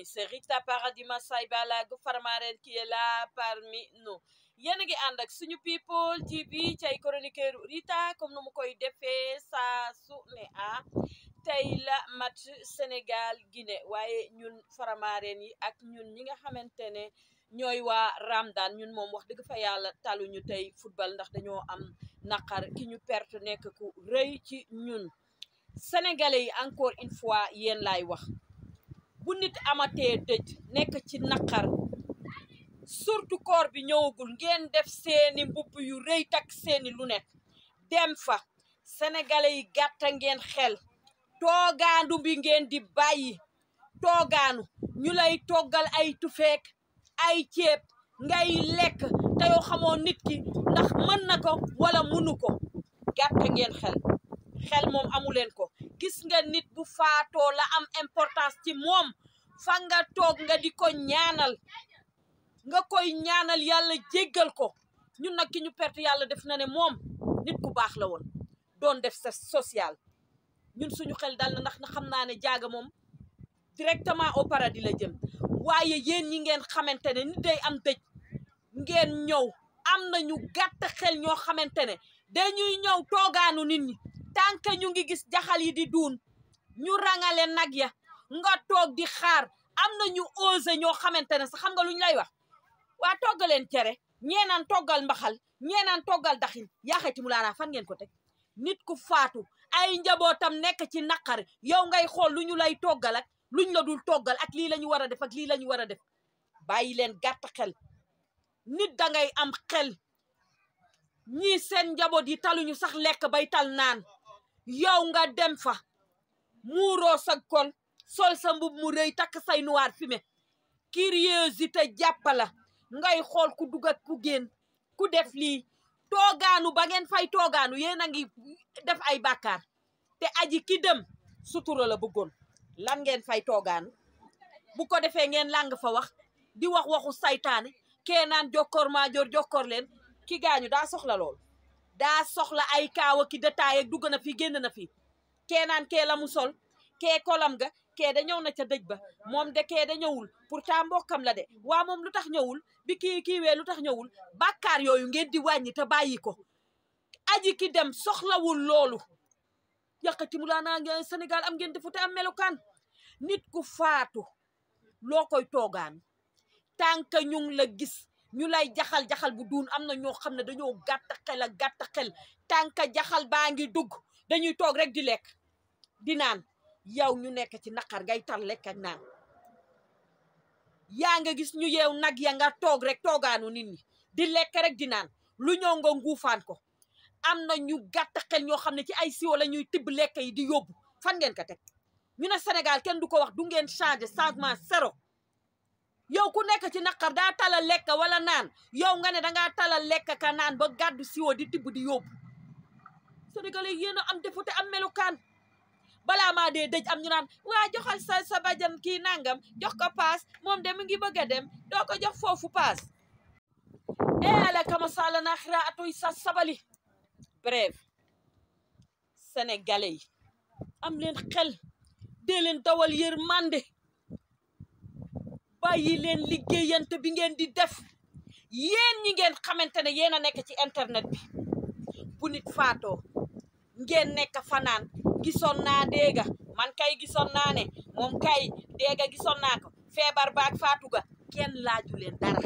famille c'est Rita Paradis Massay Balago Farmaren qui est là parmi nous yéen a ngi ànd ak suñu people TV ci ay chroniqueur Rita comme nu mu koy defee saa su ne a tey la match Sénégal Guinée waaye ñun Farmaren yi ak ñun ñi nga xamante ne ñooy waa Ramadane ñun moom wax dëgg fa yàlla taluñu tey football ndax dañoo am naqar ki ñu perte nekk ku rëy ci ñun sénégalais yi encore une fois yéen lay wax bu nit amatee dëj nekk ci naqar surtout koor bi ñëwagul ngeen def seeni mbubb yu rëy takk seeni lu nekk dem fa sénégalais yi gàtta ngeen xel toogaandu bi ngeen di bàyyi toogaanu ñu lay toggal ay tufeek ay ceeb ngay lekk te xamoo nit ki ndax mën na ko wala mënu ko gàtta ngeen xel xel moom amuleen ko gis nga nit bu faatoo la am importance ci moom fa nga toog nga di ko ñaanal nga koy ñaanal yàlla jéggal ko ñun nag ki ñu perte yàlla def na ne moom nit ku baax la woon doon def sa social ñun suñu xel dal na ndax na xam naa ne jaaga moom directement au paradis la jëm waaye yéen ñi ngeen xamante ne nit day am dëj ngeen ñëw am na ñu gàtt xel ñoo xamante ne dañuy ñaw toogaanu nit ñi tànk ñu ngi gis jaxal yi di duun ñu rangale nag ya nga toog di xaar am na ñu osé ñoo xamante ne sax xam nga lu ñu lay wax waa toggaleen cere ñee naan toggal mbaxal ñee naan toggal daxin yaa xayti mu laanaa fan ngeen ko teg nit ku faatu ay njabootam nekk ci naqar yow ngay xool lu ñu lay toggal ak luñ la dul toggal ak lii la ñu war a def ak lii la ñu war a def bàyyi leen gàtt xel nit da ngay am xel ñii seen njaboot yi taluñu sax lekk bay tal naan yow nga dem fa muuroo sa kol sol sa mbub mu rëy takk say noir fumé curiosité te jàppala ngay xool ku dugg ku génn ku def lii toogaanu ba ngeen fay toogaanu yéen a ngi def ay bàkkaar te aji ki dem sutura la bëggoon lan ngeen fay toogaanu bu ko defee ngeen làng fa wax di wax waxu saytaane kee naan jokkoor maajoor jokkoor leen ki gaañu daa soxla lool daa soxla ay kaawa ki détail ak dugg na fi génn na fi kee naan kee la mu sol kee kolam ga kee da ñëw na ca dëj ba moom de kee da ñëwul pourtant mbokkam la de waa moom lu tax ñëwul bi kii kiiwee lu tax ñëwul bàkkaar yooyu ngeen di wàññi te bàyyi ko aji ki dem soxlawul loolu yàqati mu laa naa Sénégal am ngeen defute am melukaan nit ku faatu loo koy toogaan tànk ñu la gis ñu lay jaxal-jaxal bu duun am na ñoo xam ne dañoo gàtt xel ak gàtt xel tànk jaxal baa ngi dugg dañuy toog rek di lekk di naan yow ñu nekk ci naqar ngay tal lekk ak naan yaa nga gis ñu yew nag ya nga toog rek toogaanu nit ñi di lekk rek di naan lu ñëw nga nguufaan ko am na ñu gàtt xel ñoo xam ne ci ay siwo la ñuy tib lekk yi di yóbbu fan ngeen ko teg ñu ne senegal kenn du ko wax du ngeen changé changement sero yow ku nekk ci naqar daa talal lekk wala naan yow nga ne dangaa talal lekk ka naan ba gàddu siwo di tibb di yóbbu Sénégalais yéen a am député am melukaan balaa maa dee dëj am ñu naan waa joxal sa sa bajan nangam jox ko paas moom de mu ngi bëgg a dem doo ko jox foofu paas e ala kama sala na xira atoy sa sabali bref sénégalais yi am leen xel dee leen dawal yër mande bàyyi leen liggéeyante bi ngeen di def yéen ñi ngeen xamante ne yéen a nekk ci internet bi bu nit faatoo ngeen nekk fanaan gisoon naa déega man kay gisoon naa ne moom kay déega gisoon naa ko feebar baak faatu ga kenn laaju leen dara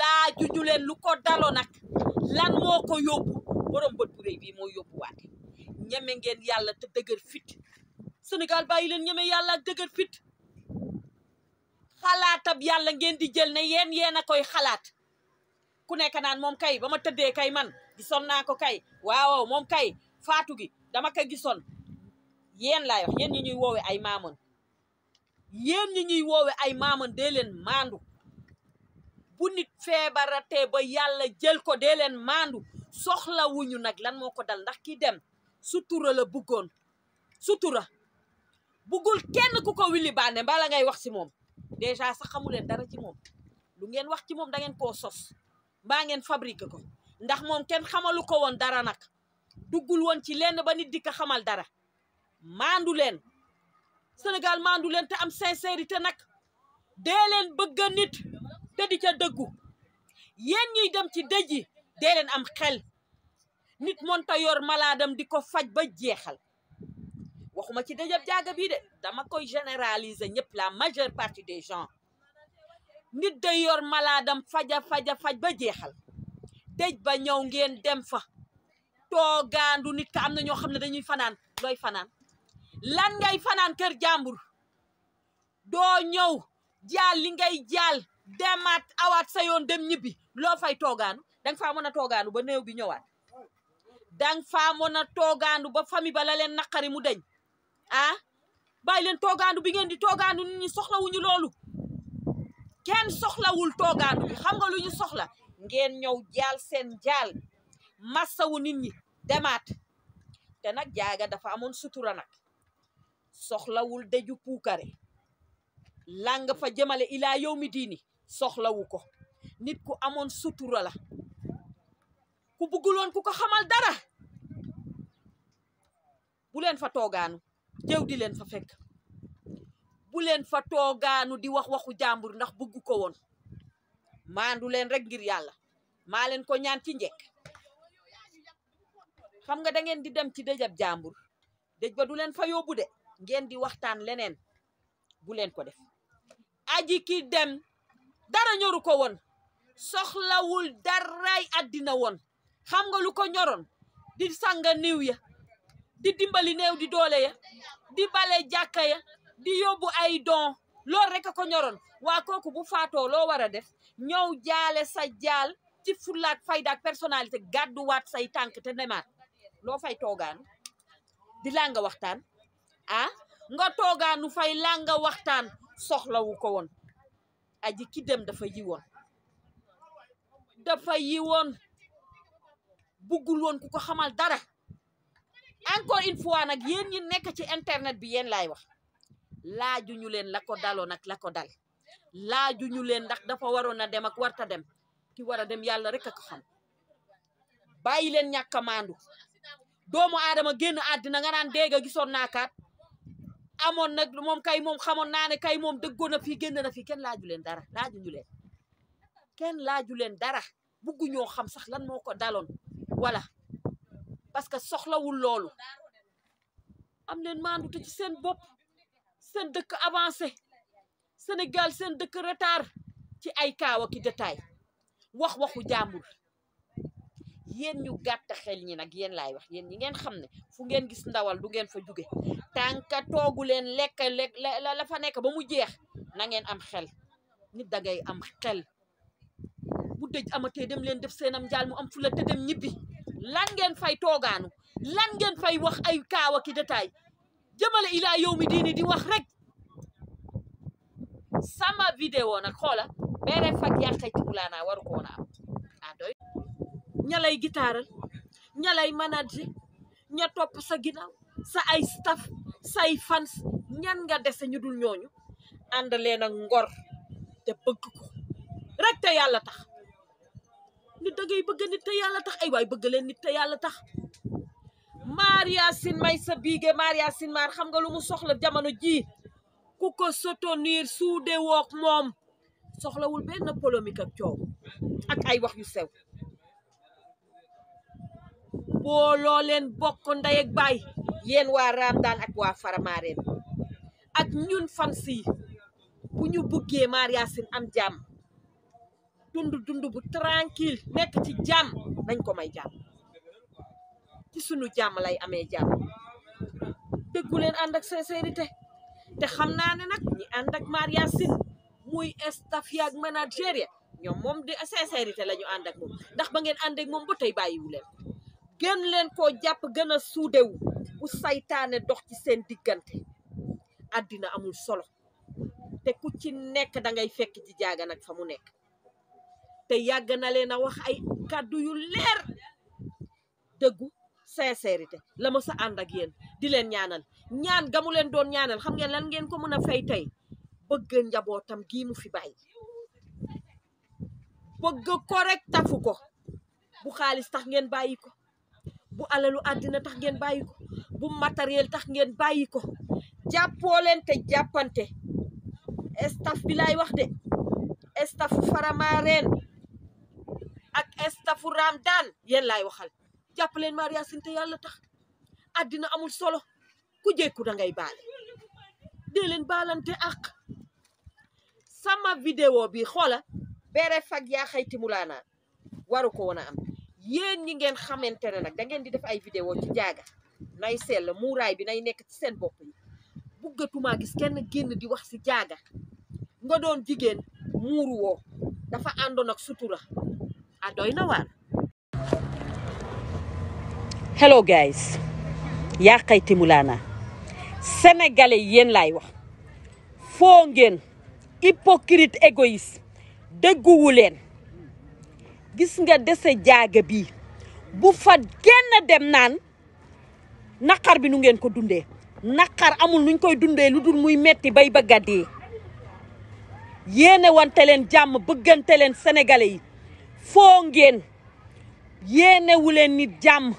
laaju ñu leen lu ko daloo nag lan moo ko yóbbu borom bët bu réy bii moo yóbbuwaate ñeme ngeen yàlla te dëgër fit Sénégal bàyyi leen ñeme yàlla ak dëgër fit xalaatab yàlla ngeen di jël ne yéen yéen a koy xalaat ku nekk naan moom kay ba ma tëddee kay man gisoon naa ko kay waaw moom kay faatu gi dama ko gisoon yéen laay wax yéen ñi ñuy woowe ay maamoon yéen ñi ñuy woowe ay maamoon dee leen maandu bu nit feebaratee ba yàlla jël ko dee leen maandu soxlawuñu nag lan moo ko dal ndax ki dem sutura la bëggoon sutura bëggul kenn ku ko wili baane bala ngay wax si moom déjà sax xamu leen dara ci moom lu ngeen wax ci moom da ngeen koo sos mbaa ngeen fabriqué ko ndax moom kenn xamalu ko woon dara nag duggul woon ci lenn ba nit dikk a xamal dara maandu leen Sénégal maandu leen te am sincérité nag dee leen bëgg nit te di ca dëggu yéen dem ci dëj yi am xel nit monta yor malaadam di ko faj ba jeexal waxuma ci dëjëb jaaga bii de dama koy généraliser ñëpp la majeure partie des gens nit day yor dem faja faja faj ba jeexal dëj ba ñëw ngeen dem fa toogaandu nit ka am na ñoo xam ne dañuy fanaan looy fanaan lan ngay fanaan kër jàmbur doo ñëw jaal li ngay jaal demaat awaat sa yoon dem ñibbi loo fay toogaandu danga faa mën a toogaandu ba néew bi ñëwaat danga a toogaandu ba famille ba la leen naqari mu deñ ah bàyyi leen toogaandu bi ngeen di toogaandu nit ñi soxlawuñu loolu kenn soxlawul toogaandu bi xam nga lu ñu soxla ngeen ñëw jaal seen jaal massawu nit ñi demaat te nag jaaga dafa amoon sutura nag soxlawul daju puukare làng fa jëmale ilaa yow mi diini soxlawu ko nit ku amoon sutura la ku bugguloon ku ko xamal dara bu leen fa toogaanu jëw di leen fa fekk bu leen fa toogaanu di wax waxu jàmbur ndax bugg ko woon maandu leen rek ngir yàlla maa leen ko ñaan ci njekk xam nga da ngeen di dem ci dëjab jàmbur dëj ba du leen fa yóbbu de ngeen di waxtaan leneen bu leen ko def aji ki dem dara ñoru ko woon soxlawul daray àddina woon xam nga lu ko ñoroon di sànga niw ya di dimbali néew di doole ya di bale jàkka ya di yóbbu ay doon loolu rek a ko ñoroon waa kooku bu faatoo loo war a def ñëw jaale sa jaal ci fulaak faydaak personnalité gàdduwaat say tànk te nemaat loo fay toogaan di laa waxtaan ah nga toogaanu fay laa waxtaan soxlawu ko woon aji ki dem dafa yi dafa yi woon woon ku ko xamal dara encore une fois nag yéen ñi nekk ci internet bi yéen laay wax laaju ñu leen la ko daloon ak la ko dal laaju ñu leen ndax dafa waroon a dem ak warta dem ki war a dem yàlla rek ak ko xam bàyyi leen ñàkk doomu aadama génn àddina nga naan dégg gisoon naa kaat amoon nag moom kay moom xamoon naa ne kay moom dëggoon na fi génn na fi kenn laaju leen dara laajuñu leen kenn laaju leen dara bugguñoo xam sax lan moo ko daloon voilà parce que soxlawul loolu am leen maandute ci seen bopp seen dëkk avancé Sénégal seen dëkk retard ci ay kaawa ki détail wax waxu jàmbur yéen ñu gàtt xel ñi nag yéen laay wax yéen ñi ngeen xam ne fu ngeen gis ndawal du ngeen fa jóge tànka toogu leen lekk lekk la la fa nekk ba mu jeex na ngeen am xel nit da ngay am xel bu dëj amatee dem leen def seenam njaal mu am fu la te dem lan ngeen fay toogaanu lan ngeen fay wax ay kaawa ki détail jëmale ilaa yow mi diini di wax rek sama vidéo nag xoola bee rek fag yàqay ci wulaanaa waru ko woon am ah ña lay gitaaral ña lay manager ña topp sa ginnaaw sa ay staff say fans ñan nga dese ñu dul ñooñu ànd leen ngor te bëgg ko rek te yàlla tax nit dangay bëgg nit te yàlla tax ay way bëgg leen nit te yàlla tax Maria Sine may sa biige Maria Sine maar xam nga lu soxla jamono jii ku ko soutenir suude wook moom soxlawul benn polémique ak coow ak ay wax yu sew booloo leen bokk ndey ak baay yéen waa Ramadaan ak waa Faramareen ak ñun fans yi bu ñu buggee Maria Sine am jàmm dund dund bu tranquille nekk ci jàmm nañ ko may jàmm ci sunu jàmm lay amee jàmm dëggu leen ànd ak sincérité te xam naa ne nag ñi ànd ak Maria muy staff yaag manager ya ñoom moom de sincérité la ñu ànd moom ndax ba ngeen ànd moom ba tey bàyyiwu gën leen koo jàpp gën a suudewu bu saytaane dox ci seen diggante àddina amul solo te ku ci nekk dangay fekk ci jaaga nag fa mu nekk te yàgg na leen a wax ay kàddu yu leer dëggu sincérité la ma sa ànd ak yéen di leen ñaanal ñaan gamu leen doon ñaanal xam ngeen lan ngeen ko mën a fay tey bëgg njabootam gii mu fi bàyyi bëgg ko rek tafu ko bu xaalis tax ngeen bàyyi ko bu alalu àddina tax ngeen bàyyi ko bu matériel tax ngeen bàyyi ko jàppoo leen te jàppante estaf bi laay wax de estafu Faramareen ak estafu Ramdan yéen laay waxal jàpp leen Maria Sinte yàlla tax àddina amul solo ku jékku da ngay baale dee leen baalante ak sama vidéo bi xoola bere fag yaa xayti waru ko woon a am yéen ñi ngeen xamante ne nag dangeen di def ay vidéo ci jaaga nay la muuraay bi nay nekk ci seen bopp yi buggatuma gis kenn génn di wax si jaaga nga doon jigéen muuru woo dafa àndoon ak sutura a ah, doy na waar hello guys yaa timulaana sénégalais yéen laay wax foo ngeen hypocrite égoïste dëgguwu leen gis nga dese jaaga bi bu fa génn dem naan naqar bi nu ngeen ko dundee naqar amul nuñ koy dundee lu dul muy metti bay bëgg dee yéene wante leen jàmm bëggante leen senegale yi foo ngeen yéenewu leen nit jàmm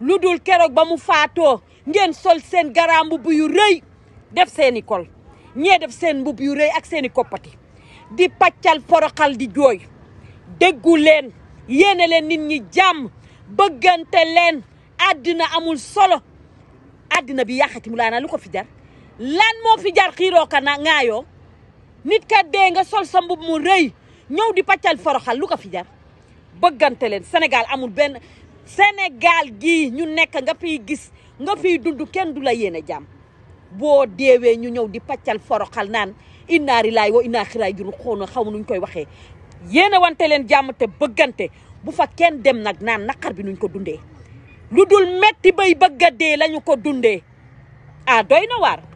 lu dul keroog ba mu faatoo ngeen sol seen garaam mbubb yu rëy def seeni kol ñee def seen mbubb yu rëy ak seeni koppati di paccal poroxal di jooy déggu leen yéene leen nit ñi jàmm bëggante leen amul solo àddina bi yàqati mu laana lu ko fi jar lan moo fi jar xiiroo ka na ŋaayoo nit ka dee nga sol sa mu rëy ñëw di paccal foroxal lu ko fi jar bëggante leen Sénégal amul benn Sénégal gi ñu nekk nga fiy gis nga fiy dund kenn du la yéene jàmm boo deewee ñu ñëw di paccal foroxal naan innaari laay wa inaa xiraay juru xaw ma nuñ koy waxee yéene wante leen jàmm te bëggante bu fa kenn dem nag naan naqar bi nuñ ko dunde lu dul metti bay bëgga dee lañu ko dundee ah doy na waar